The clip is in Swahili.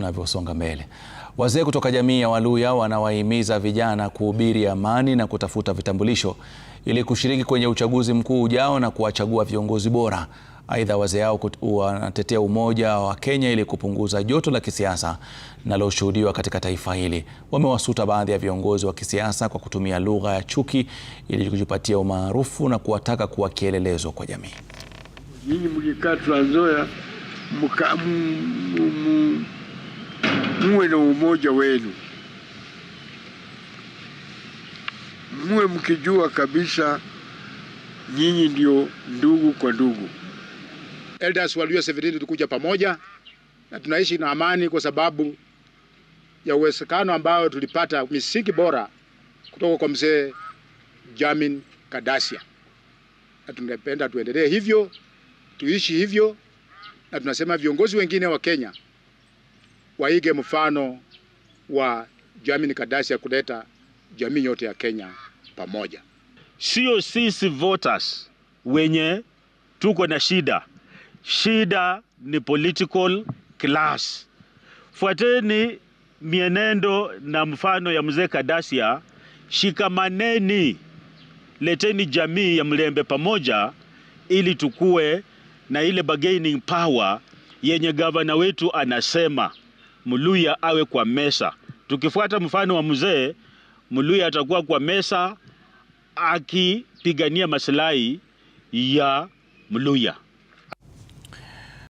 tunavyosonga mbele. Wazee kutoka jamii ya waluya wanawahimiza vijana kuhubiri amani na kutafuta vitambulisho ili kushiriki kwenye uchaguzi mkuu ujao na kuwachagua viongozi bora. Aidha, wazee hao wanatetea umoja wa Kenya ili kupunguza joto la kisiasa linaloshuhudiwa katika taifa hili. Wamewasuta baadhi ya viongozi wa kisiasa kwa kutumia lugha ya chuki ili kujipatia umaarufu na kuwataka kuwa kielelezo kwa jamii. Nyinyi mlikaa Trans Nzoia mka muwe na umoja wenu, muwe mkijua kabisa nyinyi ndio ndugu kwa ndugu. Elders wa Luo Severino tulikuja pamoja na tunaishi na amani kwa sababu ya uwezekano ambao tulipata misingi bora kutoka kwa mzee Jamin Kadasia, na tungependa tuendelee hivyo, tuishi hivyo, na tunasema viongozi wengine wa Kenya waige mfano wa Jamini kadasia ya kuleta jamii yote ya Kenya pamoja, sio sisi voters wenye tuko na shida. Shida ni political class. Fuateni mienendo na mfano ya mzee Kadasia, shikamaneni, leteni jamii ya Mlembe pamoja, ili tukue na ile bargaining power yenye gavana wetu anasema muluya awe kwa mesa. Tukifuata mfano wa mzee Mluya, atakuwa kwa mesa akipigania masilahi ya Mluya.